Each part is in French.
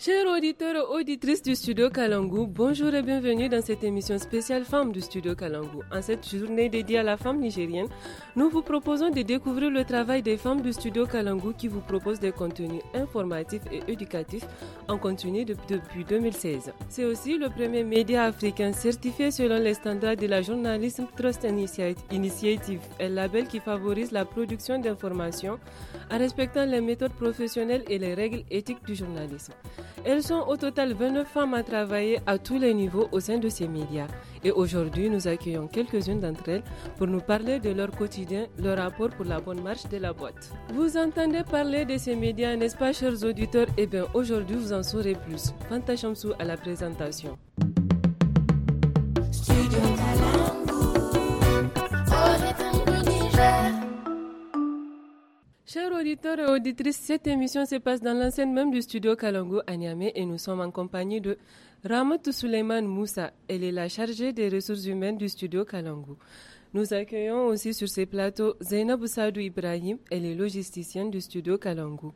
Chers auditeurs et auditrices du studio Kalangu, bonjour et bienvenue dans cette émission spéciale Femmes du studio Kalangu. En cette journée dédiée à la femme nigérienne, nous vous proposons de découvrir le travail des femmes du studio Kalangu qui vous propose des contenus informatifs et éducatifs en continu depuis 2016. C'est aussi le premier média africain certifié selon les standards de la Journalism Trust Initiative, un label qui favorise la production d'informations en respectant les méthodes professionnelles et les règles éthiques du journalisme. Elles sont au total 29 femmes à travailler à tous les niveaux au sein de ces médias. Et aujourd'hui, nous accueillons quelques-unes d'entre elles pour nous parler de leur quotidien, leur rapport pour la bonne marche de la boîte. Vous entendez parler de ces médias, n'est-ce pas, chers auditeurs Eh bien, aujourd'hui, vous en saurez plus. Fanta Chamsou à la présentation. Studio Chers auditeurs et auditrices, cette émission se passe dans l'enceinte même du studio Kalango à Niamey et nous sommes en compagnie de Ramatou Suleiman Moussa. Elle est la chargée des ressources humaines du studio Kalongo. Nous accueillons aussi sur ces plateaux Zainab Sadou Ibrahim, elle est logisticienne du studio Kalango.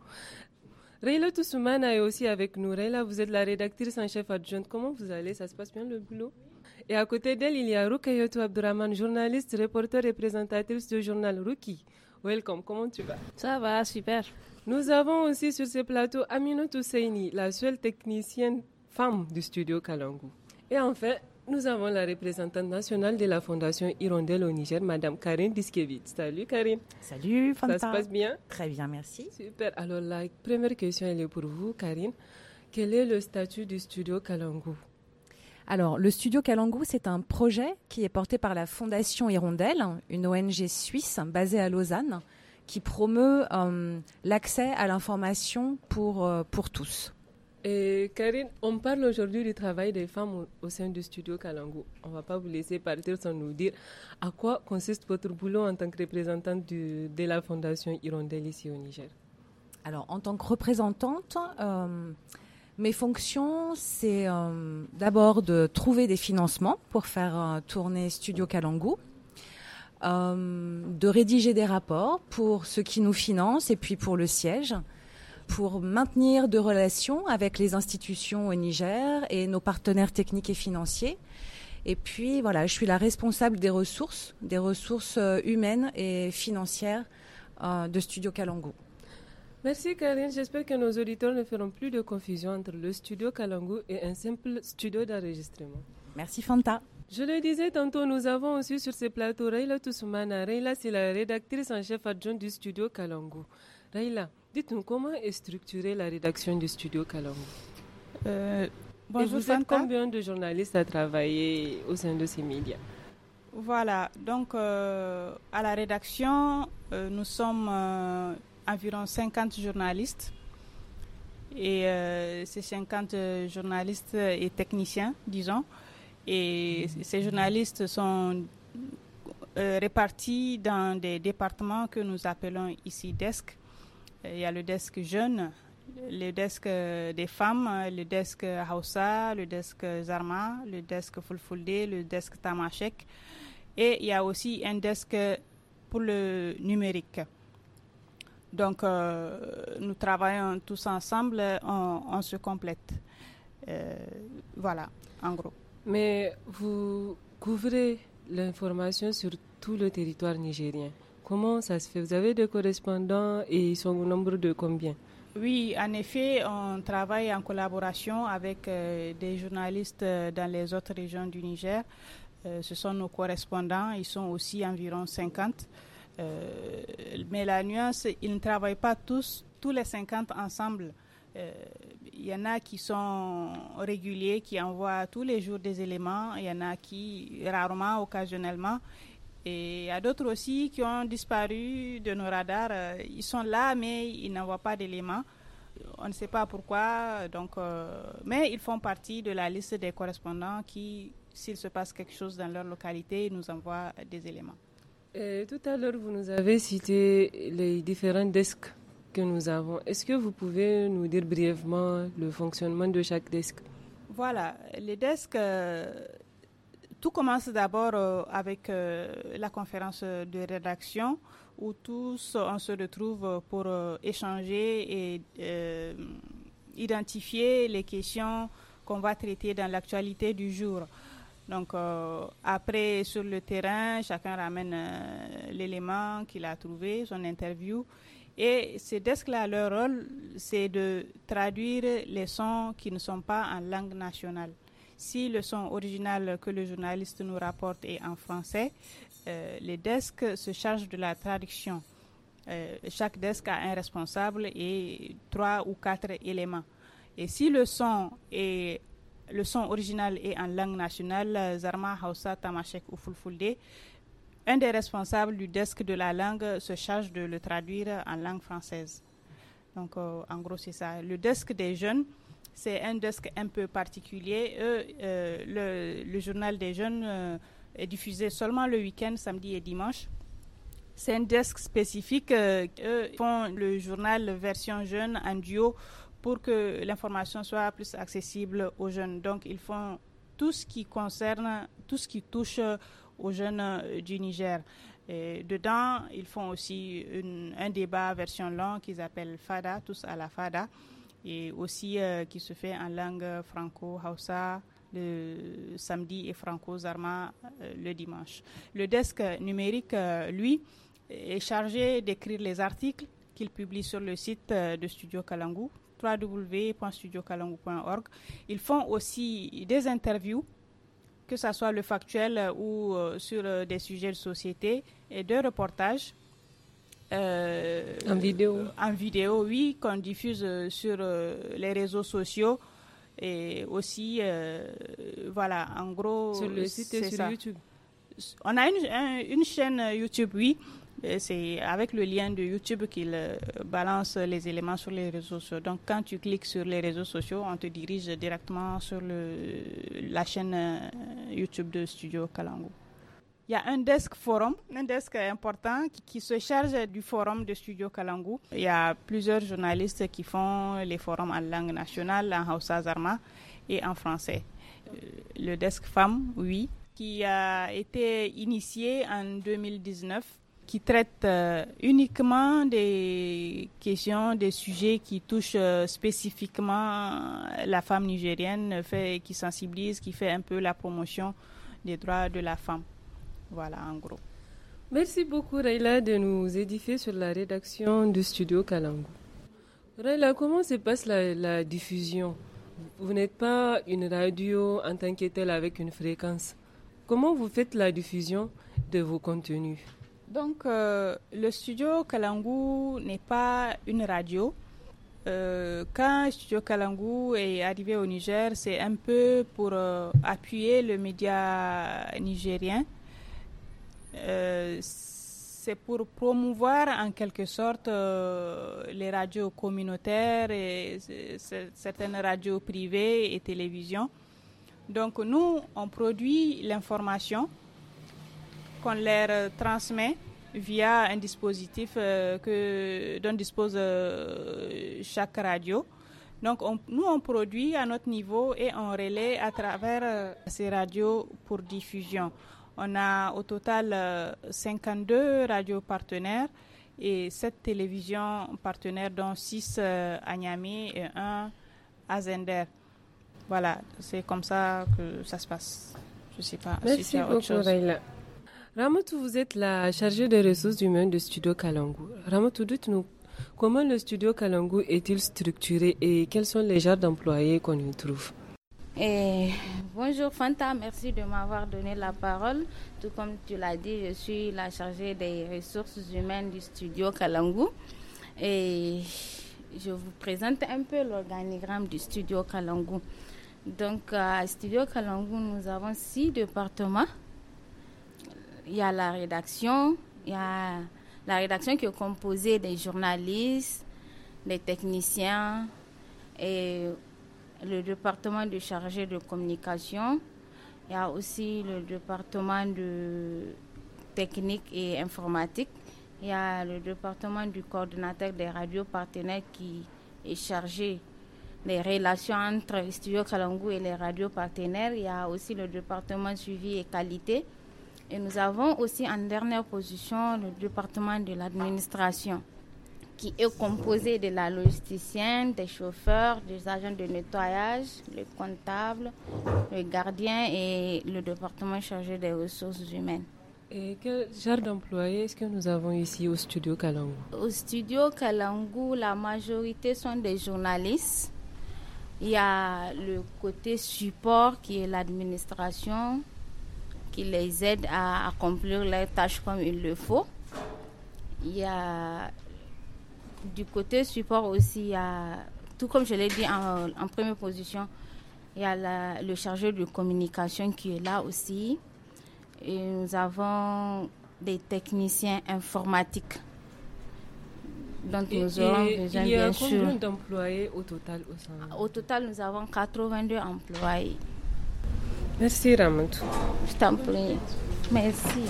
Rayla Toussoumana est aussi avec nous. Rayla, vous êtes la rédactrice en chef adjointe. Comment vous allez Ça se passe bien le boulot Et à côté d'elle, il y a Rukayoto Abdurrahman, journaliste, reporter et présentatrice du journal Ruki. Welcome, comment tu vas Ça va, super. Nous avons aussi sur ce plateau Amino Tousseini, la seule technicienne femme du studio Kalangu. Et enfin, nous avons la représentante nationale de la Fondation Hirondelle au Niger, Madame Karine Diskevitz. Salut Karine. Salut Fanta. Ça se passe bien Très bien, merci. Super. Alors la première question, elle est pour vous, Karine. Quel est le statut du studio Kalangu alors, le studio Kalangu, c'est un projet qui est porté par la Fondation Hirondelle, une ONG suisse basée à Lausanne, qui promeut euh, l'accès à l'information pour, euh, pour tous. Et Karine, on parle aujourd'hui du travail des femmes au, sein du studio Kalangu. On ne va pas vous laisser partir sans nous dire à quoi consiste votre boulot en tant que représentante du, de la Fondation Hirondelle ici au Niger. Alors, en tant que représentante, euh, mes fonctions, c'est euh, d'abord de trouver des financements pour faire euh, tourner Studio Kalangu, euh, de rédiger des rapports pour ceux qui nous financent et puis pour le siège, pour maintenir de relations avec les institutions au Niger et nos partenaires techniques et financiers. Et puis voilà, je suis la responsable des ressources, des ressources humaines et financières de Studio Kalangu. Merci Karine, j'espère que nos auditeurs ne feront plus de confusion entre le studio Kalangu et un simple studio d'enregistrement. Merci Fanta. Je le disais tantôt, nous avons aussi sur ce plateau Raila Toussoumana. Raila, c'est la rédactrice en chef adjointe du studio Kalangu. Raila, dites-nous comment est structurée la rédaction du studio Kalangu euh, Bonjour combien de journalistes à travailler au sein de ces médias Voilà, donc euh, à la rédaction, euh, nous sommes environ 50 journalistes. Et euh, ces 50 journalistes et techniciens, disons. Et ces journalistes sont euh, répartis dans des départements que nous appelons ici desk. Il y a le desk jeune, le desk euh, des femmes, le desk Hausa, le desk Zarma, le desk Fulfulde, le desk Tamashek. Et il y a aussi un desk pour le numérique. Donc, euh, nous travaillons tous ensemble, on, se complète. Euh, voilà, en gros. Mais vous couvrez l'information sur tout le territoire nigérien. Comment ça se fait Vous avez des correspondants et ils sont au nombre de combien oui, en effet, on travaille en collaboration avec euh, des journalistes dans les autres régions du Niger. ce sont nos correspondants, ils sont aussi environ 50. Euh, mais la nuance, ils ne travaillent pas tous, tous les 50 ensemble. Euh, il y en a qui sont réguliers, qui envoient tous les jours des éléments. Il y en a qui, rarement, occasionnellement. Et il y a d'autres aussi qui ont disparu de nos radars. Euh, ils sont là, mais ils n'envoient pas d'éléments. On ne sait pas pourquoi. Donc, mais ils font partie de la liste des correspondants qui, s'il se passe quelque chose dans leur localité, nous envoient des éléments tout à l'heure, vous nous avez cité les différents desks que nous avons. Est-ce que vous pouvez nous dire brièvement le fonctionnement de chaque desk Voilà, les desks, euh, tout commence d'abord euh, avec euh, la conférence de rédaction où tous on se retrouve pour échanger et identifier les questions qu'on va traiter dans l'actualité du jour. Donc euh, après, sur le terrain, chacun ramène euh, l'élément qu'il a trouvé, son interview. Et ces desks-là, leur rôle, c'est de traduire les sons qui ne sont pas en langue nationale. Si le son original que le journaliste nous rapporte est en français, euh, les desks se chargent de la traduction. chaque desk a un responsable et trois ou quatre éléments. Et si le son est le son original est en langue nationale, Zarma Hausa Tamashek ou Fulfulde. Un des responsables du desk de la langue se charge de le traduire en langue française. Donc, euh, en gros, c'est ça. Le desk des jeunes, c'est un desk un peu particulier. Euh, le, journal des jeunes euh, est diffusé seulement le week-end, samedi et dimanche. C'est un desk spécifique. eux font le journal version jeune en duo pour que l'information soit plus accessible aux jeunes. Donc, ils font tout ce qui concerne, tout ce qui touche aux jeunes euh, du Niger. dedans, ils font aussi un débat version longue qu'ils appellent FADA, tous à la FADA, et aussi euh, qui se fait en langue franco-hausa le samedi et franco-zarma euh, le dimanche. Le desk numérique, lui, est chargé d'écrire les articles qu'il publie sur le site de Studio Kalangu www.studiocalangu.org. Ils font aussi des interviews que ce soit le factuel euh, ou euh, sur euh, des sujets de société, et de reportages en vidéo. en vidéo, oui, qu'on diffuse sur les réseaux sociaux et aussi, voilà, en gros. Sur le site et sur YouTube. On a une chaîne YouTube, oui, c'est avec le lien de YouTube qu'il euh, balance les éléments sur les réseaux sociaux. Donc quand tu cliques sur les réseaux sociaux, on te dirige directement sur le, la chaîne euh, YouTube de Studio Kalangu. Il y a un desk forum, un desk important qui, se charge du forum de Studio Kalangu. Il y a plusieurs journalistes qui font les forums en langue nationale, en Hausa Zarma et en français. Euh, le desk femme, oui, qui a été initié en 2019 qui traite euh, uniquement des questions, des sujets qui touchent euh, spécifiquement euh, la femme nigérienne, fait, qui sensibilise, qui fait un peu la promotion des droits de la femme. Voilà, en gros. Merci beaucoup, Rayla, de nous édifier sur la rédaction du studio Kalangu. Rayla, comment se passe la, la diffusion Vous n'êtes pas une radio en tant que telle avec une fréquence. Comment vous faites la diffusion de vos contenus donc, euh, le studio Kalangu n'est pas une radio. Euh, quand Studio Kalangu est arrivé au Niger, c'est un peu pour euh, appuyer le média nigérien. c'est pour promouvoir en quelque sorte les radios communautaires et certaines radios privées et télévisions. Donc nous, on produit l'information qu'on leur euh, transmet via un dispositif euh, que, dont dispose euh, chaque radio. Donc nous, on produit à notre niveau et on relaie à travers ces radios pour diffusion. On a au total 52 radios partenaires et 7 télévisions partenaires, dont 6 à Niamey et 1 à Zender. Voilà, c'est comme ça que ça se passe. Je ne sais pas si c'est autre chose. Ramatou, vous êtes la chargée des ressources humaines du Studio Kalangu. Ramatou, dites-nous comment le Studio Kalangu est-il structuré et quels sont les genres d'employés qu'on y trouve eh, bonjour Fanta, merci de m'avoir donné la parole. Tout comme tu l'as dit, je suis la chargée des ressources humaines du studio Kalangu. Et je vous présente un peu l'organigramme du studio Kalangu. Donc, à Studio Kalangu, nous avons six départements il y a la rédaction, il y a la rédaction qui est composée des journalistes, des techniciens et le département de chargé de communication. Il y a aussi le département de technique et informatique. Il y a le département du coordonnateur des radios partenaires qui est chargé des relations entre Studio Kalangu et les radios partenaires. Il y a aussi le département suivi et qualité. Et nous avons aussi en dernière position le département de l'administration qui est composé de la logisticienne, des chauffeurs, des agents de nettoyage, le comptables, le gardiens et le département chargé des ressources humaines. Et quel genre d'employés est-ce que nous avons ici au studio Kalangu Au studio Kalangu, la majorité sont des journalistes. Il y a le côté support qui est l'administration, qui les aide à accomplir leurs tâches comme il le faut. Il y a du côté support aussi, tout comme je l'ai dit en, première position, il y a le chargeur de communication qui est là aussi. Et nous avons des techniciens informatiques donc nous aurons et, besoin, il y a combien d'employés au total au sein Au total, nous avons 82 employés. Merci Ramon. Je t'en Merci.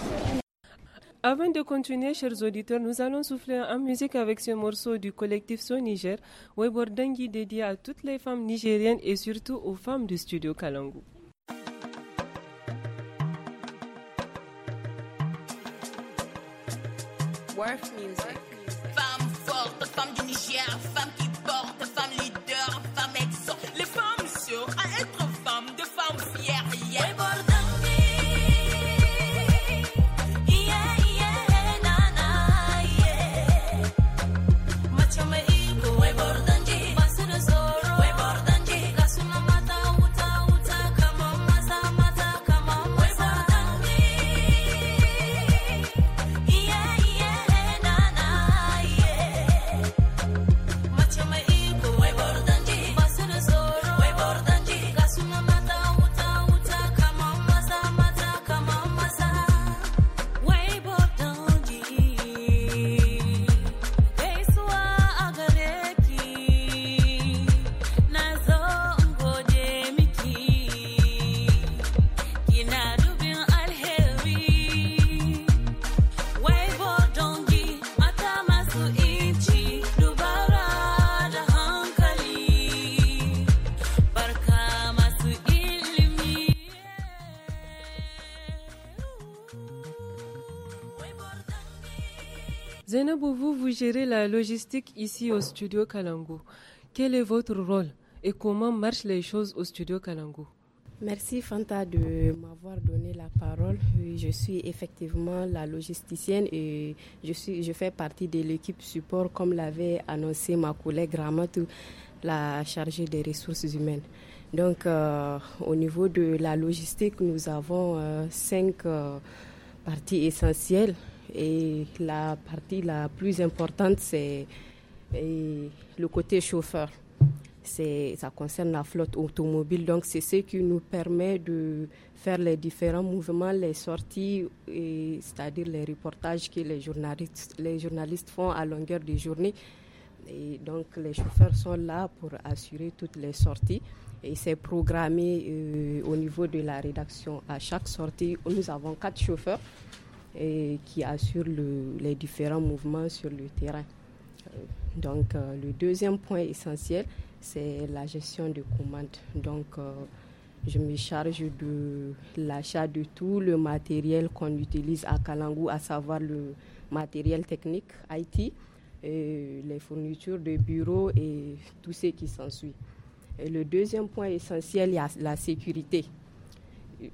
Avant de continuer, chers auditeurs, nous allons souffler en musique avec ce morceau du collectif Son Niger, Webordengi dédié à toutes les femmes nigériennes et surtout aux femmes du studio Kalangu. music. Zenabou vous, gérez la logistique ici au studio Kalango. Quel est votre rôle et comment marchent les choses au studio Kalango Merci Fanta de m'avoir donné la parole. je suis effectivement la logisticienne et je, suis, je fais partie de l'équipe support comme l'avait annoncé ma collègue Ramatou, la chargée des ressources humaines. Donc euh, au niveau de la logistique, nous avons euh, cinq euh, parties essentielles et la partie la plus importante, c'est le côté chauffeur. Ça concerne la flotte automobile, donc c'est ce qui nous permet de faire les différents mouvements, les sorties, c'est-à-dire les reportages que les journalistes, les journalistes font à longueur de journée. Et donc les chauffeurs sont là pour assurer toutes les sorties et c'est programmé euh, au niveau de la rédaction. À chaque sortie, nous avons quatre chauffeurs et qui assure les différents mouvements sur le terrain. Donc euh, le deuxième point essentiel, c'est la gestion de commandes. Donc euh, je me charge de l'achat de tout le matériel qu'on utilise à Kalangu, à savoir le matériel technique IT, les fournitures de bureaux et tout ce qui s'ensuit. le deuxième point essentiel, il y a la sécurité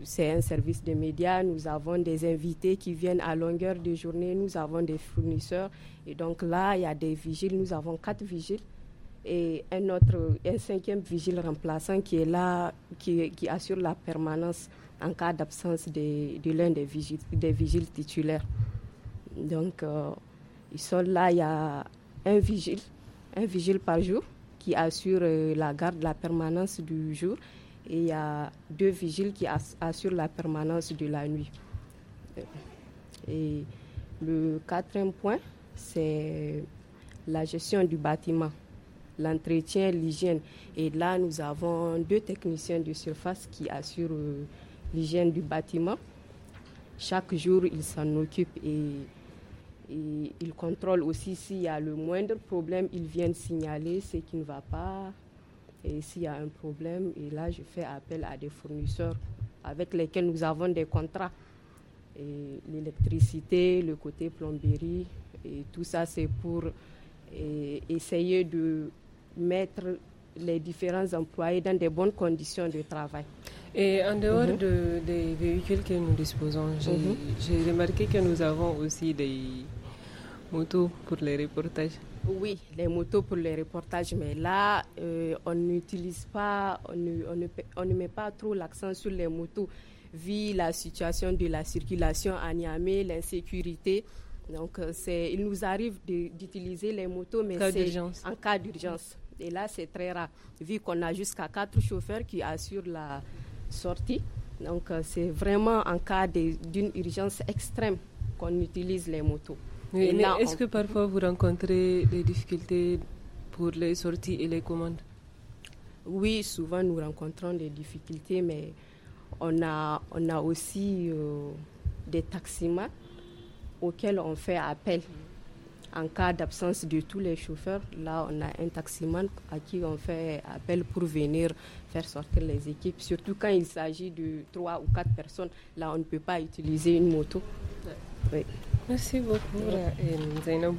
c'est un service de médias, nous avons des invités qui viennent à longueur de journée, nous avons des fournisseurs. Et donc là, il y a des vigiles, nous avons quatre vigiles et un un cinquième vigile remplaçant qui est là, qui, assure la permanence en cas d'absence de, l'un des vigiles, titulaires. Donc, euh, ils sont là, il y a un vigile, un vigile par jour qui assure euh, la garde, la permanence du jour et il y a deux vigiles qui assurent la permanence de la nuit. Euh, et le quatrième point, c'est la gestion du bâtiment, l'entretien, l'hygiène. Et là, nous avons deux techniciens de surface qui assurent euh, l'hygiène du bâtiment. Chaque jour, ils s'en occupent et ils contrôlent aussi s'il y a le moindre problème, ils viennent signaler ce qui ne va pas. Et s'il y a un problème, et là, je fais appel à des fournisseurs avec lesquels nous avons des contrats. Et l'électricité, le côté plomberie, et tout ça, c'est pour essayer de mettre les différents employés dans des bonnes conditions de travail. Et en dehors mhm. des véhicules que nous disposons, mhm. j'ai remarqué que nous avons aussi des motos pour les reportages. Oui, les motos pour les reportages, mais là, euh, on n'utilise pas, on ne, met pas trop l'accent sur les motos, vu la situation de la circulation à Niamey, l'insécurité. Donc, euh, c'est, il nous arrive d'utiliser les motos, mais c'est en cas d'urgence. Et là, c'est très rare, vu qu'on a jusqu'à quatre chauffeurs qui assurent la sortie. Donc, euh, c'est vraiment en cas d'une urgence extrême qu'on utilise les motos est-ce que parfois vous rencontrez des difficultés pour les sorties et les commandes Oui, souvent nous rencontrons des difficultés, mais on a, on a aussi euh, des taximans auxquels on fait appel. En cas d'absence de tous les chauffeurs, là, on a un taximan à qui on fait appel pour venir faire sortir les équipes. Surtout quand il s'agit de trois ou quatre personnes, là, on ne peut pas utiliser une moto. Oui. Merci beaucoup, Zainab.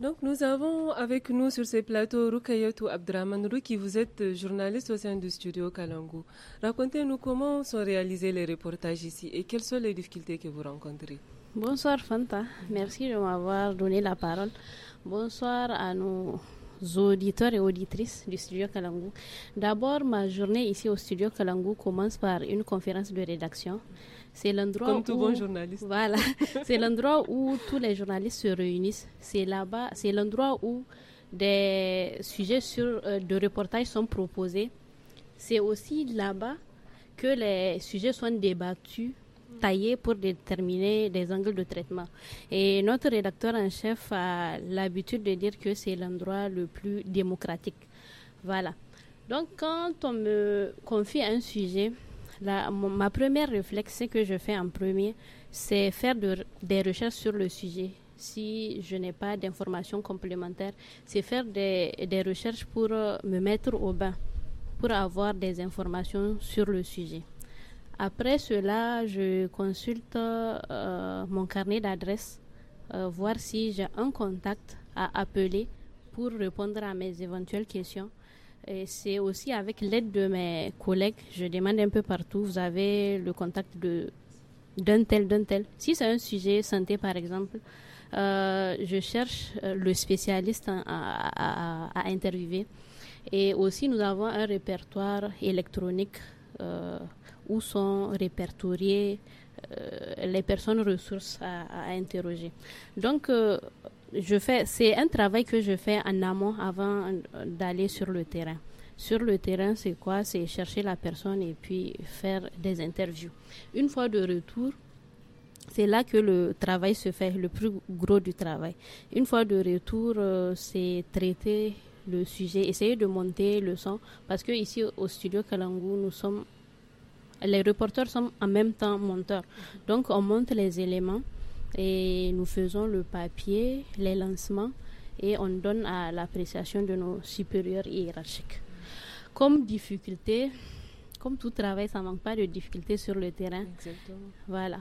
Donc nous avons avec nous sur ce plateau Rukayatou Abdraman qui vous êtes journaliste au sein du studio Kalangu. Racontez-nous comment sont réalisés les reportages ici et quelles sont les difficultés que vous rencontrez. Bonsoir Fanta, merci de m'avoir donné la parole. Bonsoir à nos auditeurs et auditrices du studio Kalangu. D'abord, ma journée ici au studio Kalangu commence par une conférence de rédaction c'est l'endroit Comme tout où, journaliste. Voilà. c'est l'endroit où tous les journalistes se réunissent. C'est là-bas, c'est l'endroit où des sujets sur, euh, de reportage sont proposés. C'est aussi là-bas que les sujets sont débattus, taillés pour déterminer des angles de traitement. Et notre rédacteur en chef a l'habitude de dire que c'est l'endroit le plus démocratique. Voilà. Donc quand on me confie un sujet, ma première réflexe que je fais en premier, c'est faire des recherches sur le sujet. Si je n'ai pas d'informations complémentaires, c'est faire des, recherches pour euh, me mettre au bain, pour avoir des informations sur le sujet. Après cela, je consulte euh, mon carnet d'adresse, euh, voir si j'ai un contact à appeler pour répondre à mes éventuelles questions c'est aussi avec l'aide de mes collègues. Je demande un peu partout, vous avez le contact de d'un tel, d'un tel. Si c'est un sujet santé, par exemple, euh, je cherche euh, le spécialiste à, à, interviewer. Et aussi, nous avons un répertoire électronique euh, où sont répertoriées les personnes ressources à, à interroger. Donc, je fais, c'est un travail que je fais en amont avant euh, d'aller sur le terrain. Sur le terrain, c'est quoi C'est chercher la personne et puis faire des interviews. Une fois de retour, c'est là que le travail se fait, le plus gros du travail. Une fois de retour, euh, c'est traiter le sujet, essayer de monter le son, parce que ici au studio Kalangu, nous sommes, les reporters sont en même temps monteurs. Mhm. Donc on monte les éléments et nous faisons le papier, les lancements et on donne à l'appréciation de nos supérieurs hiérarchiques. Comme difficulté, comme tout travail, ça manque pas de difficultés sur le terrain. Voilà.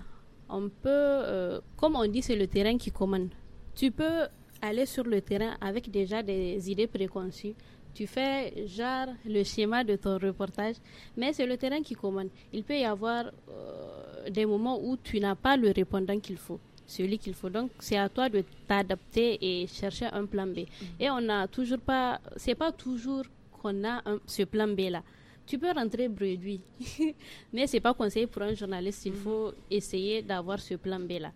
On peut, euh, comme on dit, c'est le terrain qui commande. Tu peux aller sur le terrain avec déjà des idées préconçues. Tu fais genre le schéma de ton reportage, mais c'est le terrain qui commande. Il peut y avoir euh, des moments où tu n'as pas le répondant qu'il faut celui qu'il faut. Donc, c'est à toi de t'adapter et chercher un plan B. Mhm. Et on n'a toujours pas, c'est pas toujours qu'on a ce plan B là. Tu peux rentrer bredouille, mais c'est pas conseillé pour un journaliste. Il mhm. faut essayer d'avoir ce plan B là.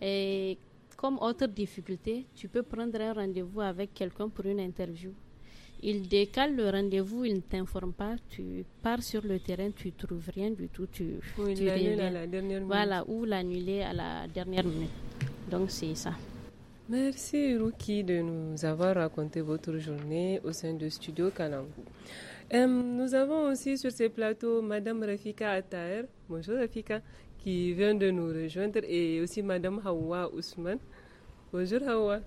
Et comme autre difficulté, tu peux prendre un rendez-vous avec quelqu'un pour une interview il décale le rendez-vous, il ne t'informe pas, tu pars sur le terrain, tu trouves rien du tout, tu, l'annules à la dernière minute. Voilà, ou l'annuler à la dernière minute. Donc c'est ça. Merci Ruki de nous avoir raconté votre journée au sein de Studio Kalangu. Euh, nous avons aussi sur ce plateau Madame Rafika Ataer. Bonjour Rafika, qui vient de nous rejoindre et aussi Madame Hawa Ousmane. Bonjour Hawa.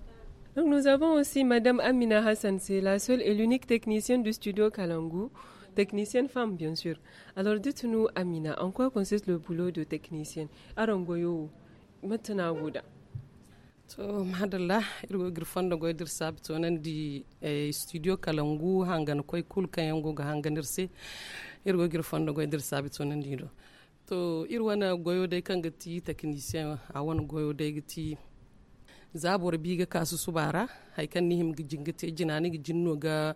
Donc nous avons aussi Madame Amina Hassan, c'est la seule et l'unique technicienne du studio Kalangu, technicienne femme bien sûr. Alors dites-nous Amina, en quoi consiste le boulot de technicienne Arangoyo, maintenant Gouda. so mahadallah irgo girfanda goydir sabe to nandi e eh, studio kalangu hangan koy kul kayango ga hanganirse irgo girfanda goydir sabe to nandi do to irwana goyo de kanga ti technicien awan goyo de ti zabor biga kasu subara haikan nihim ni jinani jinno ga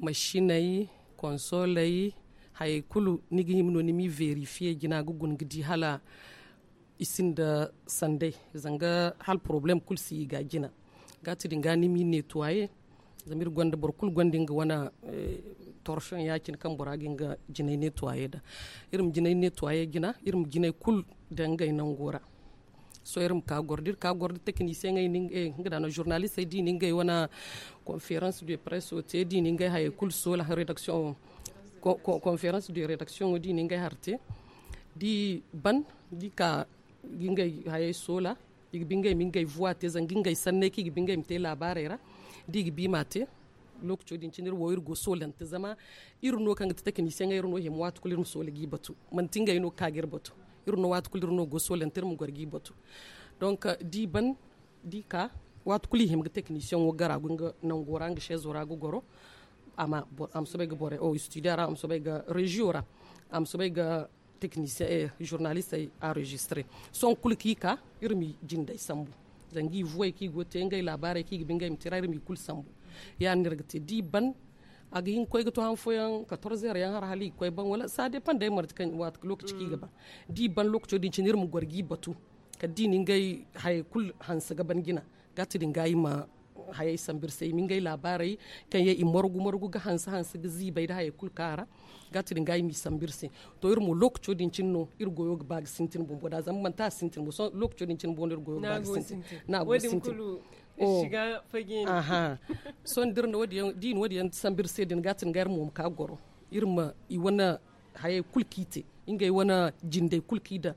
mashinai konsolai hay kulu nigi himno nimi verifiye jina gun gidi hala isin da sande zanga hal problem kul si ga jina gati dinga nimi netwaye zamir gwanda borkul gwandin ga wana eh, torsion yakin kan buragin ga jinai netwaye da irin jinai netwaye gina irin jinai kul dangai nan gora soyerim ka gordir ka gordi technicien ngay ning e eh, ngada no journaliste di ngay wana conférence de presse o te di ngay hay kul so la rédaction conférence de rédaction o di ngay harté di ban di ka gi ngay hay so la mi ngay voix te ngay sanne ki ngay mte labarera di bi lok cho din chinir woyir go solan te zama irin no kan ta technicien irin no hemwa to kulirum so gi batu man tingay no kagir batu irno watukuli go solen termu gorgi botu donc euh, di ban di ka watukuli himga technicien wo gara gunga nangorang goranga chez orago goro ama am sobe ga bore o oh, studiara am sobe ga regiora am sobe ga technicien eh, journaliste a enregistré son kulki ka irmi jinday sambu zangi voye ki gote ngai labare ki bingai mtira irmi kul sambu ya nirgte di ban a ga yin gato han foyan 14 yan har hali kwai ban wala sa dai pan dai mara kan wat lokaci ki gaba mm. di ban lokaci din cinir mu gwargi batu ka dinin gai hay kul hansa gaban gina gatirin gayi ma hayay sambir sey min gay labaray kan ya i morgu morgu ga hansa hansa ga zibay da hayay kulkara gati din gay mi sambir sey to irmo lok chodin chinno ir goyo ga bag sintin bumbo boda zam man ta sintin bo so chodin chin cinno ir goyo bag sintin na go sintin shiga fagin aha so ndir no wadi din wadi yan sambir sey din gatin gar mum ka goro irma i wana hayay kulkite ingay wana jinde kulkida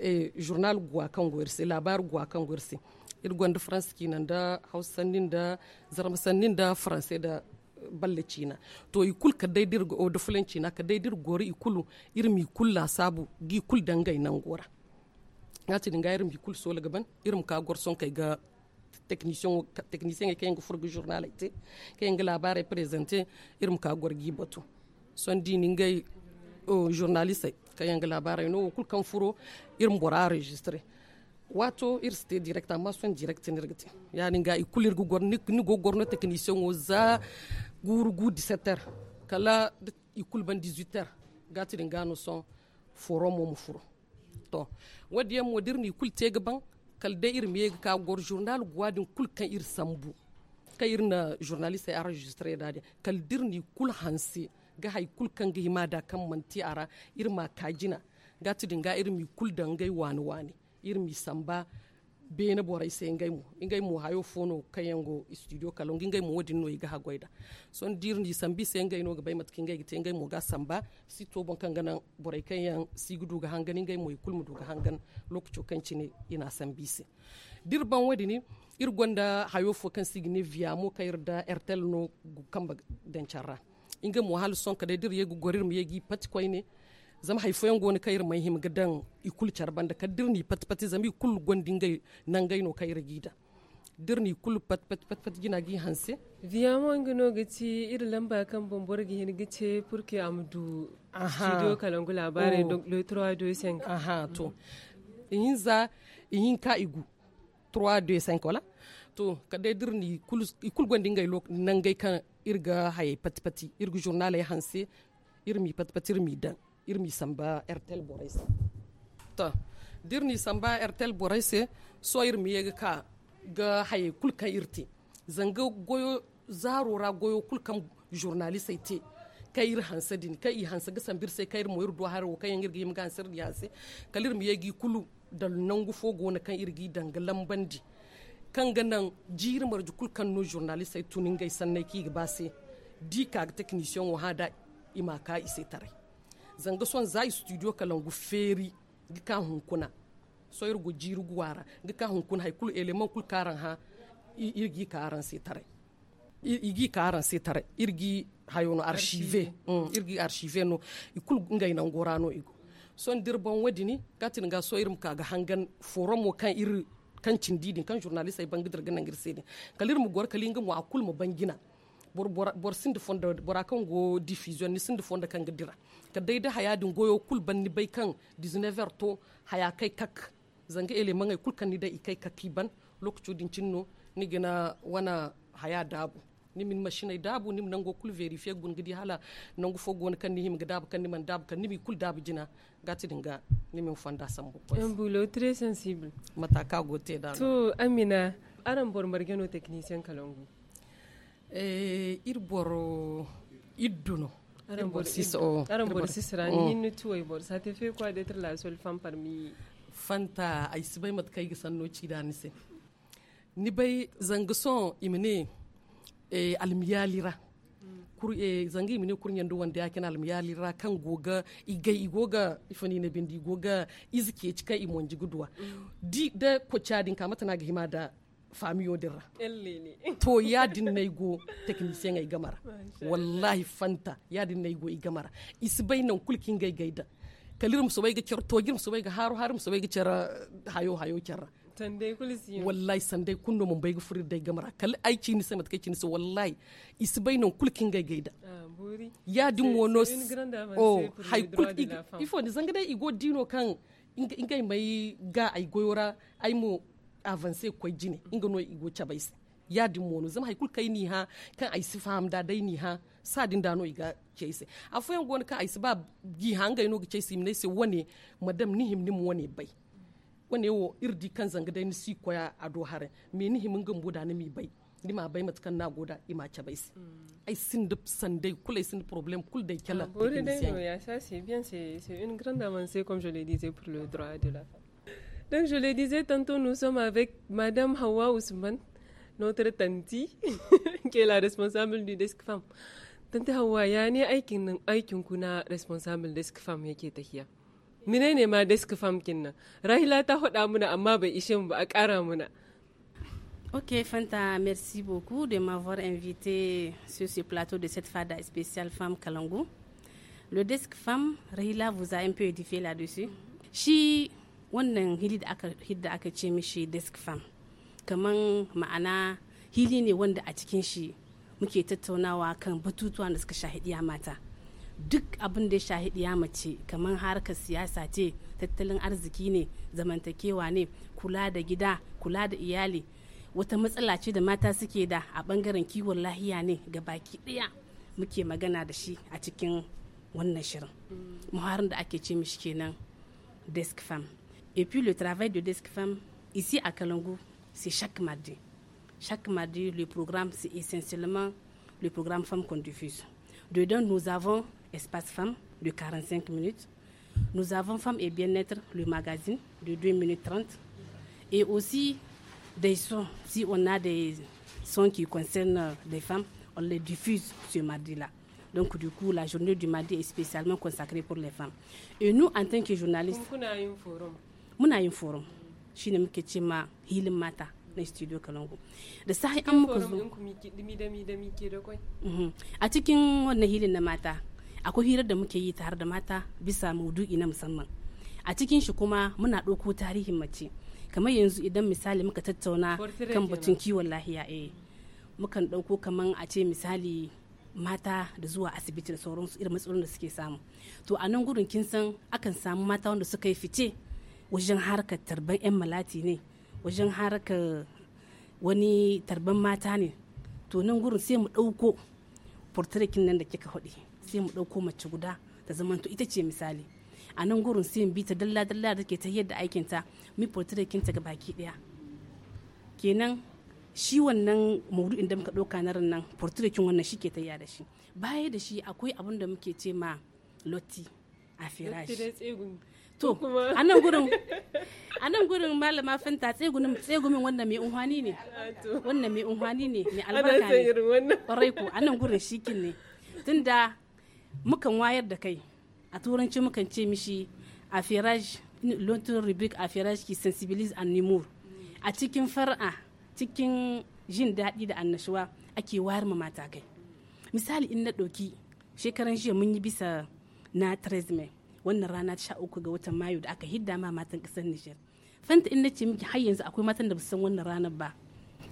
eh, journal gwa kan gorsi labar gwa kan gorsi irgon da france kenan da hausannin da zarmasannin da france da balle cina to ikul ka daidir dir da fulan cina ka dai dir gori ikulu irmi kulla sabu gi kul dangai nan gora ya ce dinga irin irmi kul so gaban irin ka gorson kai ga technicien technicien kai ga furgu journal ite kai ga labarai e presenter irin ka gi batu son dinin gai o journaliste kai ga labarai e no kul kan furo irin bora registre wato irste ste direct amma son direct nirgiti yani ga ikulir gu gorni ni go gorno technicien o za guru gu 17h kala ikul ban 18h gati ni gano son foro mo mu furo to wadi yam modirni kul tege ban kal de ir mege ka gor journal guadin kul kan ir sambu ka ir na journaliste enregistré dadi kal dirni kul hansi ga hay kul kan ga himada kam manti ara ir ma kajina gati dinga ir mi kul dangai wani wani irmi samba bene bora ise ngay mu ngay mu hayo fono kayango studio kalong ngay mu wodin no iga so ndir ndi sambi se ngay no ga bay matki ngay gite ngay mu ga samba si to bon kan ganan boray kayan sigudu ga hangani ngay mu kulmu du ga hangan lokcho kancini ina sambi se wodi ni ir gonda hayo fo kan signe via mu kayirda ertel no kamba dan charra inga mu hal son kada dir yegu gorir mu yegi pat koyne Zama haifo yan goni kayir mai him gadan ikul charban da kadirni pat pat zam ikul gondin gai nan gai no kayir gida dirni kul pat pat pat pat gina gi hanse viya mon gino gati ir lamba kan bombor gi hin gice purke amdu studio gula bare oh. do le 3 2 5 aha to yin za yin ka igu 3 2 5 wala to kadai dirni kul ikul gondin gai lok nan gai kan irga haye pat pat irgu journal hanse irmi pat pat irmi dan irmi samba ertel boraise to dirni samba ertel boraise so irmi yega ka ga haye kulkan irti zanga goyo zarora goyo kulkan journaliste te yi hansa din ka i hansa gasan birse kayir moyir do haro kayan irgi yim ya yase kalir mi yegi kulu dal nangu fogo na kan irgi dangalan bandi kan ganan jir marju kulkan no journaliste tunin gaisan na ki ba di dika technician wa hada ima ka tare zanga son zai studio kalangu feri gika hunkuna soyir go jiru gwara gika hunkuna hay kul eleman kul karan ha irgi karan se tare irgi karan se tare irgi hayono archive mm, irgi archive no ikul ngai nan ngorano igo son dirbon wadini katin ga so irim kaga hangan forum kan ir kan cindidin kan journalist ay bangidir ganan girsedi kalir mu gor kalinga wa akul mu bangina bor bor fonda bora kan go diffusion ni sindi fonda kan gadira ka dai da haya din goyo kul banni bai kan 19 to haya kai kak zanga ele mangai kul kan ni da ikai kakiban lokacin din cinno ni gina wana haya dabu ni min machine dabu nim nango kul vérifier gun gidi hala nango fo gon kan ni him dabu kan ni man dabu kan ni mi kul dabu jina gati dinga ni min fonda sambu un boulot très sensible ka gote da to amina aran bor margeno technicien kalongu Eh, irbor idduno arambor sisra ninni tuwai bor ça te fait quoi d'être la seule femme parmi fanta ay sibay mat kay gisan no ci dani se ni bay zangson imine e eh, yalira. Mm. kur e eh, zangi imine kur nyando wanda yakin yalira kan goga igay goga. ifani ne bindi goga izike cika imonji guduwa mm. di da ko cadin kamata na ga hima da famiyo dirra to yadin na go technicien ay gamara wallahi fanta ya nay go i gamara isbay nan kulkin gay gayda kalirum so bay ga cer girum so bay ga haru harum so bay ga cer hayo hayo cerra tande kulisi wallahi sande kunno mun bai ga furir dai gamara kal ai ci ni samat kai ci ni so wallahi isbay nan kulkin gay gayda ah, din wono oh hay kul ifo ni zanga dai igo dino kan inga mai ga ai goyora ai mu avance kwai jine inga no igo chabaise ya di mono zama haikul kai ni ha kan ai sifam da dai ni ha sa din da no iga chase afu yan gon ka ai si ba gi hanga ino chase ne se wani madam ni him ni mu wani bai wo irdi kan zanga dai ni si koya ado hare me ni him ngam boda ni mi bay ni ma bai matkan na goda ima chabais mm. ay sin de sandai kula sin problème kul dai kala ah, ya ça c'est bien c'est c'est une grande avancée comme je le disais pour le droit de la femme donc, je le disais tantôt, nous sommes avec Madame Hawa Ousmane, notre tante qui est la responsable du desk femme. Tante Hawa, yani a aikin aikin responsable desk femme yake ici. Mine ne ma desk femme Rahila, tu Rahila ta hot muna amma bai ishe mu ba a amuna. Ok, Fanta, merci beaucoup de m'avoir invité sur ce plateau de cette fada spéciale Femme Kalangu. Le desk femme, Rahila vous a un peu édifié là-dessus. She wannan hili da aka hidda aka ce mishi desk fam kaman ma'ana hili ne wanda a cikin shi muke tattaunawa kan batutuwa da suka shahidiya mata duk abin da ya shahidiya mace kaman harkar siyasa ce tattalin arziki ne zamantakewa ne kula da gida kula da iyali wata matsala ce da mata suke da a bangaren kiwon lahiya ne ga baki daya muke magana da shi a cikin wannan shirin muharin da ake ce mishi kenan desk fam. Et puis le travail de Desk Femme ici à Kalongo, c'est chaque mardi. Chaque mardi, le programme, c'est essentiellement le programme Femmes qu'on diffuse. Dedans, nous avons Espace Femmes de 45 minutes. Nous avons Femmes et Bien-être, le magazine de 2 minutes 30. Et aussi des sons. Si on a des sons qui concernent euh, des femmes, on les diffuse ce mardi-là. Donc, du coup, la journée du mardi est spécialement consacrée pour les femmes. Et nous, en tant que journalistes. muna yin forum ne muke ce ma hilin mata na studio kalangu da sahi an muka zo mhm. a cikin wannan hilin na mata akwai hirar da muke yi tare da mata bisa maudu'i na musamman a cikin shi kuma muna ɗauko tarihin mace kamar yanzu idan misali muka tattauna kan batun kiwon lahiya eh mukan ɗauko kamar a ce misali mata da zuwa asibiti da sauransu irin matsalolin da suke samu to a nan gurin kin san akan samu mata wanda suka yi fice wajen harkar tarban 'yan malati ne wajen harkar wani tarban mata ne to nan gurin sai mu ɗauko portrekin nan da kika haɗe sai mu ɗauko mace guda ta zamanto ita ce misali a nan gurin sai mu bita ta dalla-dalla da ke ta yadda aikinta mu portrekin ta ga baki ɗaya kenan shi wannan maudu'in da muka ɗauka na ran nan portrekin wannan shi ke ta da shi baya da shi akwai abin da muke ce ma lotti a firashi to a nan gurin a nan gurin malama fanta tsegumin wannan mai unhwani ne wannan mai unhwani ne mai albarka ne kwarai ko a nan gurin shikin ne tunda mukan wayar da kai a turanci mukan ce mishi a affairage rubik a firaj ki sensibilise and nimur a cikin far'a cikin jin daɗi da annashuwa ake wayar ma mata kai misali in na ɗauki shekaran jiya mun yi bisa na mai. wannan rana sha uku ga watan mayu da aka hidda ma matan kasar nijar fanta in nace miki har yanzu akwai matan da ba san wannan ranar ba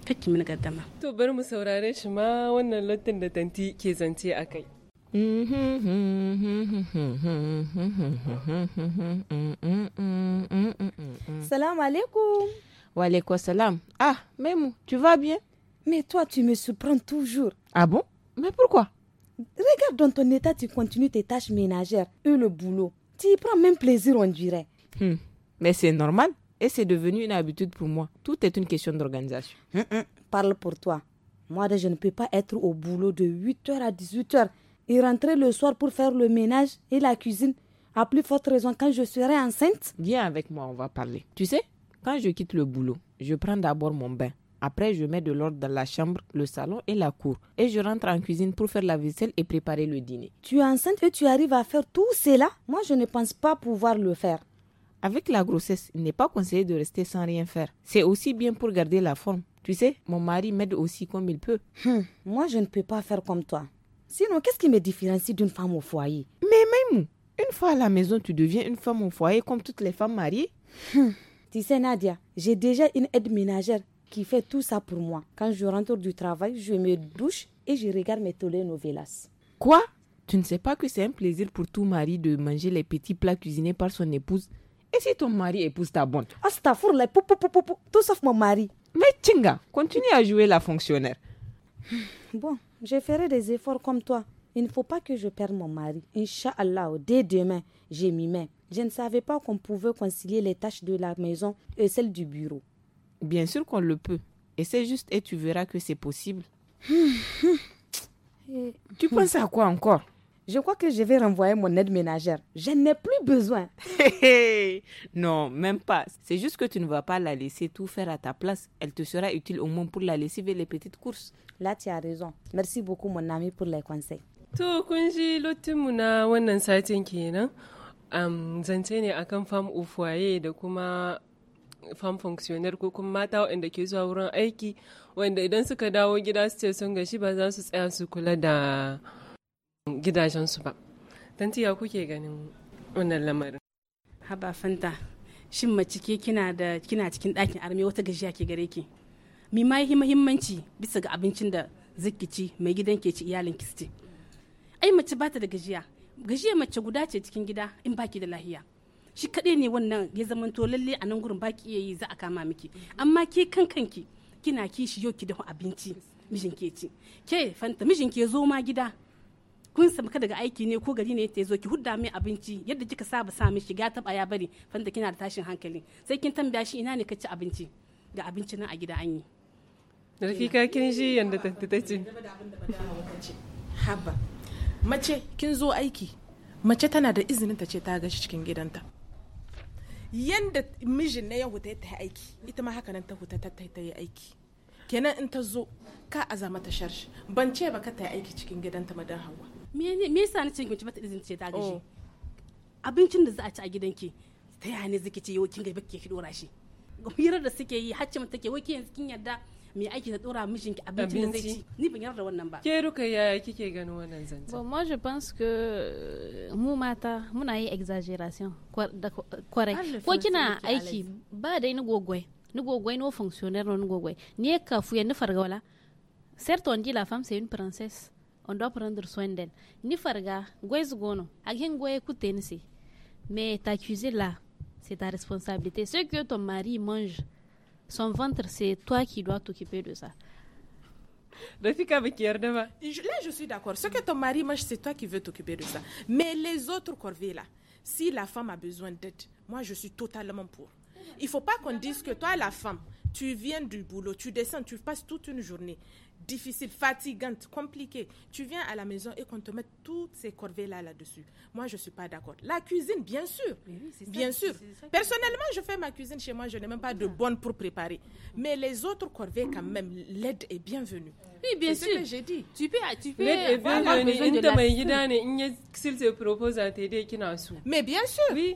kakki mini gaddama to bari mu saurare shi ma wannan lottin da tanti ke zance a kai Salam alaikum. Wa alaikum salam. Ah, Memo, tu vas bien? Mais toi, tu me surprends toujours. Ah bon? Mais pourquoi? Regarde dans ton état, tu continues tes tâches ménagères et le boulot. Il prend même plaisir, on dirait. Hmm. Mais c'est normal. Et c'est devenu une habitude pour moi. Tout est une question d'organisation. Hein, hein, parle pour toi. Moi, je ne peux pas être au boulot de 8h à 18h et rentrer le soir pour faire le ménage et la cuisine. À plus forte raison, quand je serai enceinte. Viens avec moi, on va parler. Tu sais, quand je quitte le boulot, je prends d'abord mon bain. Après, je mets de l'ordre dans la chambre, le salon et la cour. Et je rentre en cuisine pour faire la vaisselle et préparer le dîner. Tu es enceinte et tu arrives à faire tout cela Moi, je ne pense pas pouvoir le faire. Avec la grossesse, il n'est pas conseillé de rester sans rien faire. C'est aussi bien pour garder la forme. Tu sais, mon mari m'aide aussi comme il peut. Hum, moi, je ne peux pas faire comme toi. Sinon, qu'est-ce qui me différencie d'une femme au foyer Mais même, une fois à la maison, tu deviens une femme au foyer comme toutes les femmes mariées. Hum, tu sais, Nadia, j'ai déjà une aide ménagère qui fait tout ça pour moi. Quand je rentre du travail, je me douche et je regarde mes telenovelas. Quoi Tu ne sais pas que c'est un plaisir pour tout mari de manger les petits plats cuisinés par son épouse Et si ton mari épouse ta bonne Ah, pou, pou, pou, tout sauf mon mari. Mais Tinga, continue à jouer la fonctionnaire. Bon, je ferai des efforts comme toi. Il ne faut pas que je perde mon mari. Inch'Allah, dès demain, j'ai m'y mets. Je ne savais pas qu'on pouvait concilier les tâches de la maison et celles du bureau. Bien sûr qu'on le peut. Et c'est juste et tu verras que c'est possible. tu penses à quoi encore Je crois que je vais renvoyer mon aide ménagère. Je n'ai plus besoin. non, même pas. C'est juste que tu ne vas pas la laisser tout faire à ta place. Elle te sera utile au moins pour la laisser vers les petites courses. Là, tu as raison. Merci beaucoup, mon ami, pour les conseils. foyer farm functionnaire ko kuma mata waɗanda ke zuwa wurin aiki wanda idan suka dawo gida su ce sun gashi ba za su tsaya su kula da gidajensu ba ya kuke ganin wannan lamarin haba fanta shin mace kina da kina cikin ɗakin armi wata gajiya ke gare ki mi ma yi muhimmanci bisa ga abincin da zikici mai gidan ke ci iyalin kisti ai mace bata da gajiya gajiya mace guda ce cikin gida in baki da lahiya shi kaɗai ne wannan ya to lalle a nan gurin baki iya yi za a kama miki amma ke kan kanki kina kishi yau ki dafa abinci mijin ke ci ke fanta mijin ke zo ma gida kun ka daga aiki ne ko gari ne ta zo ki hudda mai abinci yadda kika saba sa mishi ga taba ya bari fanta kina da tashin hankali sai kin tambaya shi ina ne ka ci abinci ga abinci nan a gida an yi rafika kin ji yanda ta ta ce haba mace kin zo aiki mace tana da izinin ta ce ta gashi cikin gidanta yanda mijin na ya huta ya tafi aiki ita ma haka nan ta huta ta yi aiki kenan in ta zo ka a zama ta sharshi ban ce ba ka ta yi aiki cikin gidanta madan hawa me yasa na ce kin mata izin ce ta gaji oh. abincin da za a ci a gidanki ta yaya ne zaki ce yau kin ga bakke ki dora shi hirar da suke yi hacce mata take wai yanzu kin yarda me aiki da dora mijinki abinci da zai ci ni ban yarda wannan ba ke ruka yaya kike ganin wannan zance bon moi je pense que mu mata muna yi exagération kwarai ah, ko kina aiki ba dai ni gogoi ni gogoi no fonctionnaire no ni gogoi ni ka fuye ni farga wala certes on dit la femme c'est une princesse on doit prendre soin d'elle ni farga goiz gono agen goye kutensi mais t'accuser là c'est ta responsabilité ce que ton mari mange son ventre, c'est toi qui dois t'occuper de ça. Là, je suis d'accord. Ce que ton mari mange, c'est toi qui veux t'occuper de ça. Mais les autres corvées, là, si la femme a besoin d'aide, moi, je suis totalement pour. Il faut pas qu'on dise que toi, la femme, tu viens du boulot, tu descends, tu passes toute une journée difficile, fatigante, compliquée. Tu viens à la maison et qu'on te mette toutes ces corvées-là là-dessus. Moi, je ne suis pas d'accord. La cuisine, bien sûr. bien sûr. Personnellement, je fais ma cuisine chez moi. Je n'ai même pas de ah. bonne pour préparer. Mais les autres corvées, quand même, l'aide est bienvenue. Oui, bien sûr. C'est ce que j'ai dit. Tu peux, tu peux de Mais bien sûr. Oui,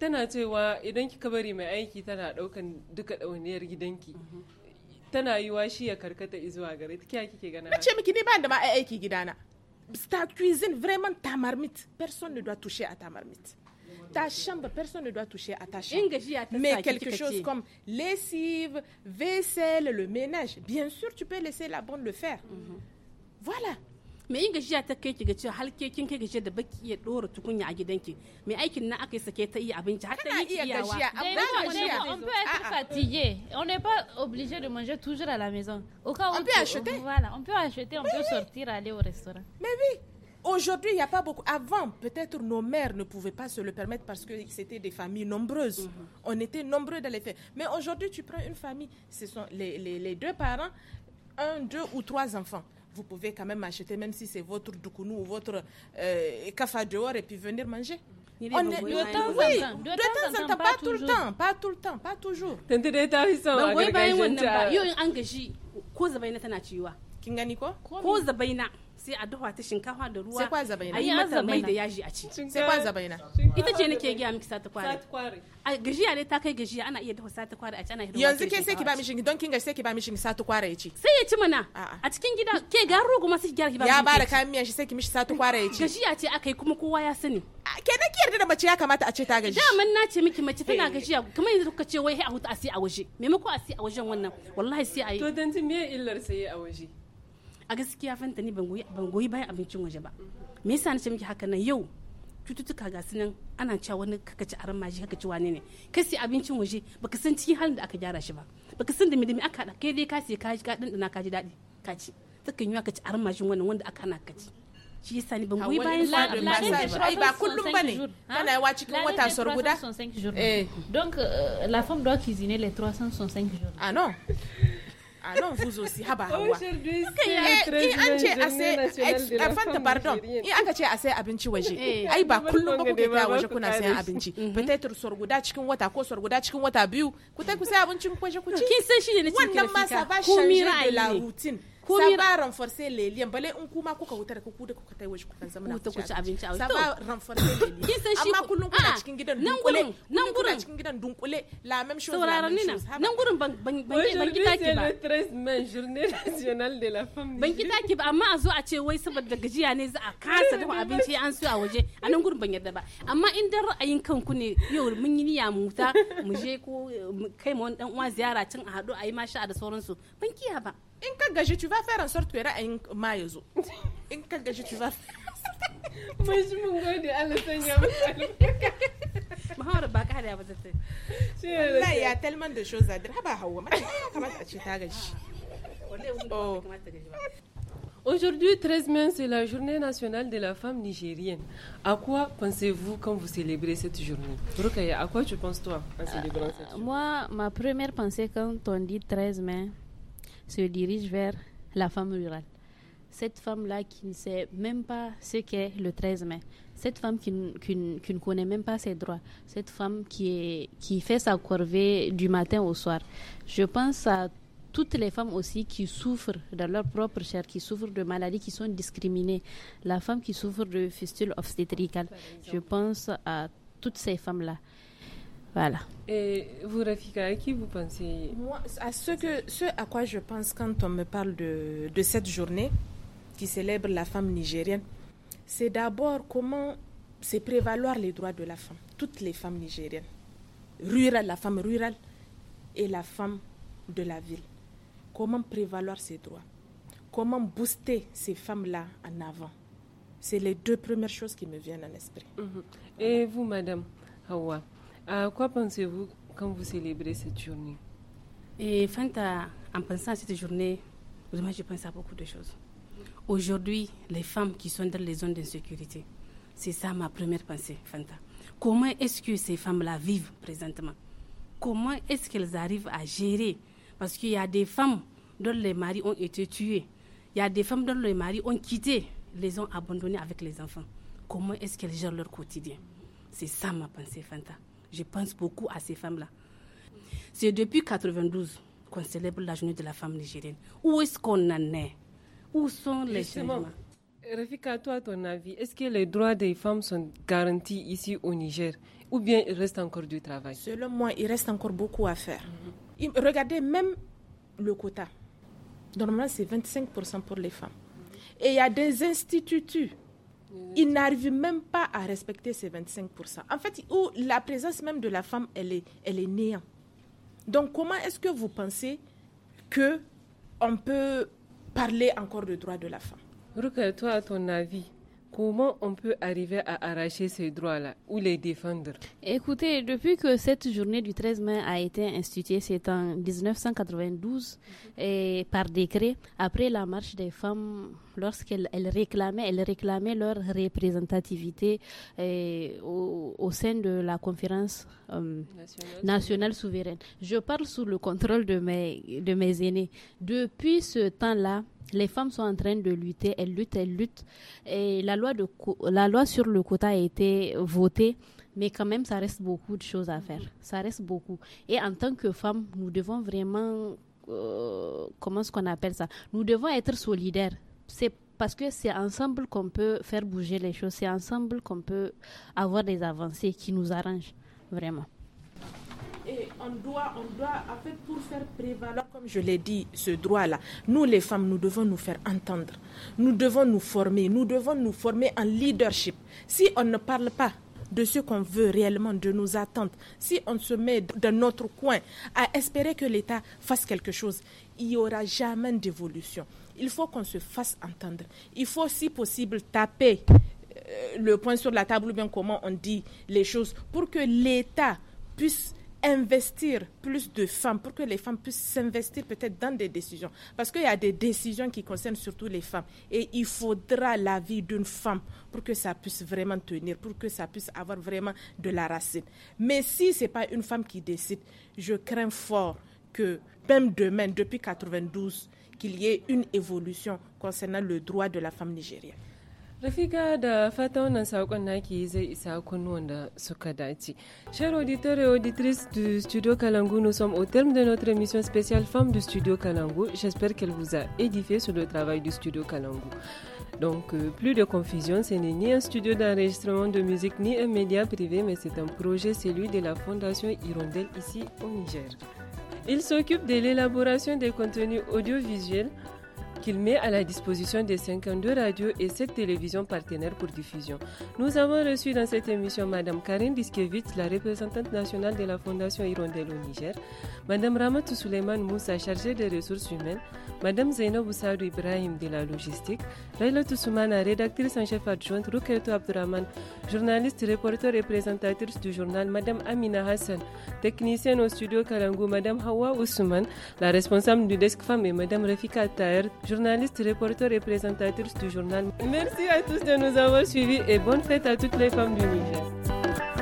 tana cewa idan kika bari mai aiki tana daukan duka ɗawainiyar gidanki tana wa shi ya karkata izuwa gare ta kiya kike gana ce miki ni ba da ma aiki gidana ta cuisine vraiment ta marmite personne ne doit toucher à ta marmite ta chambre, personne ne doit toucher à ta chambre. Mais quelque chose comme lessive, vaisselle, le ménage, bien sûr, tu peux laisser la bande le faire. Mhm. Voilà on peut être fatigué on n'est pas obligé de manger toujours à la maison on peut acheter voilà on peut acheter on peut sortir aller au restaurant mais oui Aujourd'hui, il n'y a pas beaucoup. Avant, peut-être nos mères ne pouvaient pas se le permettre parce que c'était des familles nombreuses. Mhm. On était nombreux dans les faits. Mais aujourd'hui, tu prends une famille, ce sont les, les deux parents, un, deux ou trois enfants vous pouvez quand même acheter, même si c'est votre doukounou ou votre euh, kafa dehors, et puis venir manger. On est, le temps, oui, temps pas tout le temps, pas tout le temps, pas toujours. a sai a dafa ta shinkafa da ruwa sai kwaza baina ayi azamai da yaji a ci sai kwaza baina ita ce nake gaya miki sata kwari a gajiya ne ta kai gajiya ana iya dafa sata kware a ci ana yanzu ke sai ki ba mishin don kin ga sai ki ba mishin sata kware ya ci sai ya ci mana a cikin gida ke ga rogo ma sai ki gyara ki ba ya ba da kayan miyan shi sai ki mishi sata kware ya ci gajiya ce akai kuma kowa ya sani ke nake yarda da mace ya kamata a ce ta gaji daman na ce miki mace tana eh. gajiya kuma yanzu kuka ce wai a huta a sai a waje maimako a sai a wajen wannan wallahi sai a yi to dan me illar sai a waje a gaskiya fanta ni ban goyi bayan abincin waje ba me yasa nace miki haka nan yau cututtuka ga sunan ana cewa wani kaka ci aran maji kaka ci wane ne kai sai abincin waje baka san cikin halin da aka gyara shi ba baka san da me da me aka hada kai dai ka sai ka ji ka dana ka ji dadi ka ci takan yi ka ci aran majin wannan wanda aka hana ka ci shi yasa ni ban goyi bayan sa ai ba kullum bane kana yawa cikin wata sor guda eh. donc euh, la femme doit cuisiner les 365 jours ah non Ah, ah a nan fuzo si haba hawa in an ce a sai eh, eh, a fanta pardon in aka ce a sai abinci waje ai ba kullum ba kuke kai waje kuna sayan abinci potato sor guda cikin wata ko sor guda cikin wata biyu ku tai ku sai abincin waje ku ci kin san shi ne wannan ma sa ba shi la routine ko mi ba renforcer les liens bale in kuma kuka wutar ku ku kuka tai waje kuka zama ku ci abinci a ba renforcer les liens amma kullun kuna ah, cikin gidan dunkule nan gurin cikin gidan dunkule la même chose nan gurin ban ban ban kita ki ba le journée nationale de la femme ban kita ki ba amma a zo a ce wai saboda gajiya ne za a kasa dafa abinci an su a waje a nan gurin ban ba amma in dan ra'ayin kanku ne yau mun yi niyya mu ta mu je ko kai mu wani dan uwa ziyara cin a haɗu a yi masha da sauransu ban kiya ba in tu vas faire en sorte que tu aies un zo in tu vas faire. shi mun gode Allah sanya masa albarka Il y il y a tellement de choses à a tellement ta choses à dire. Ah bah, oh. Aujourd'hui, 13 mai, c'est la journée nationale de la femme nigérienne. À quoi pensez-vous quand vous célébrez cette journée Rukaya, à quoi tu penses toi en célébrant cette euh, Moi, ma première pensée quand on dit 13 mai, se dirige vers la femme rurale. Cette femme-là qui ne sait même pas ce qu'est le 13 mai, cette femme qui, ne connaît même pas ses droits, cette femme qui, est, qui fait sa corvée du matin au soir. Je pense à toutes les femmes aussi qui souffrent dans leur propre chair, qui souffrent de maladies, qui sont discriminées. La femme qui souffre de fistule obstétricale. Je pense à toutes ces femmes-là. Voilà. Et vous, Rafika, à qui vous pensez Moi, à ce, que, ce à quoi je pense quand on me parle de, cette journée qui célèbre la femme nigérienne, c'est d'abord comment c'est prévaloir les droits de la femme, toutes les femmes nigériennes, rurales, la femme rurale et la femme de la ville. Comment prévaloir ces droits Comment booster ces femmes-là en avant C'est les deux premières choses qui me viennent à l'esprit. Mhm. Et vous, Madame Hawa, à euh, quoi pensez-vous quand vous célébrez cette journée Et Fanta, en pensant à cette journée, vraiment, je pense à beaucoup de choses. Aujourd'hui, les femmes qui sont dans les zones d'insécurité, c'est ça ma première pensée, Fanta. Comment est-ce que ces femmes-là vivent présentement Comment est-ce qu'elles arrivent à gérer Parce qu'il y a des femmes dont les maris ont été tués. Il y a des femmes dont les maris ont quitté, les ont abandonnées avec les enfants. Comment est-ce qu'elles gèrent leur quotidien C'est ça ma pensée, Fanta. Je pense beaucoup à ces femmes-là. C'est depuis 1992 qu'on célèbre la journée de la femme nigérienne. Où est-ce qu'on en est Où sont les femmes Rafika, toi, ton avis, est-ce que les droits des femmes sont garantis ici au Niger ou bien il reste encore du travail Selon moi, il reste encore beaucoup à faire. Regardez même le quota. Normalement, c'est 25% pour les femmes. Et il y a des instituts il n'arrive même pas à respecter ces 25%. En fait, où la présence même de la femme, elle est, elle néant. Donc, comment est-ce que vous pensez que on peut parler encore de droit de la femme toi, à ton avis, Comment on peut arriver à arracher ces droits-là ou les défendre Écoutez, depuis que cette journée du 13 mai a été instituée, c'est en 1992, mhm. et par décret, après la marche des femmes, lorsqu'elles réclamaient, elles leur représentativité au, sein de la conférence euh, nationale, nationale souveraine. Je parle sous le contrôle de mes, de mes aînés. Depuis ce temps-là, les femmes sont en train de lutter, elles luttent, elles luttent. la loi, de, la loi sur le quota a été votée, mais quand même, ça reste beaucoup de choses à faire. Ça reste beaucoup. Et en tant que femmes, nous devons vraiment, euh, comment est-ce qu'on appelle ça Nous devons être solidaires. C'est parce que c'est ensemble qu'on peut faire bouger les choses, c'est ensemble qu'on peut avoir des avancées qui nous arrangent, vraiment et on doit, on doit, en fait, pour faire prévaloir, comme je l'ai dit, ce droit-là, nous les femmes, nous devons nous faire entendre. Nous devons nous former. Nous devons nous former en leadership. Si on ne parle pas de ce qu'on veut réellement, de nos attentes, si on se met dans notre coin à espérer que l'État fasse quelque chose, il n'y aura jamais d'évolution. Il faut qu'on se fasse entendre. Il faut, si possible, taper euh, le point sur la table ou bien comment on dit les choses pour que l'État puisse investir plus de femmes, pour que les femmes puissent s'investir peut-être dans des décisions. Parce qu'il y a des décisions qui concernent surtout les femmes. Et il faudra l'avis d'une femme pour que ça puisse vraiment tenir, pour que ça puisse avoir vraiment de la racine. Mais si ce n'est pas une femme qui décide, je crains fort que même demain, depuis 92, qu'il y ait une évolution concernant le droit de la femme nigérienne. Rafika da Chers auditeurs et auditrices du Studio Kalangu, nous sommes au terme de notre émission spéciale Femmes du Studio Kalangu. J'espère qu'elle vous a édifié sur le travail du Studio Kalangu. Donc, euh, plus de confusion, ce n'est ni un studio d'enregistrement de musique ni un média privé, mais c'est un projet, celui de la Fondation Hirondelle ici au Niger. Il s'occupe de l'élaboration des contenus audiovisuels qu'il met à la disposition des 52 radios et 7 télévisions partenaires pour diffusion. Nous avons reçu dans cette émission Madame Karine Diskevitz, la représentante nationale de la Fondation Hirondelle au Niger, Madame Ramatou Suleiman Moussa, chargée des ressources humaines, Madame Zainab Oussadou Ibrahim de la logistique, Laila Toussoumana, rédactrice en chef adjointe, Ruketo Abdurrahman, journaliste, reporter et présentatrice du journal, Madame Amina Hassan, technicienne au studio Kalangu, Madame Hawa Ousmane, la responsable du desk femme et Madame Rafika Taher, journalistes, reporter, et du journal. Merci à tous de nous avoir suivis et bonne fête à toutes les femmes du Niger.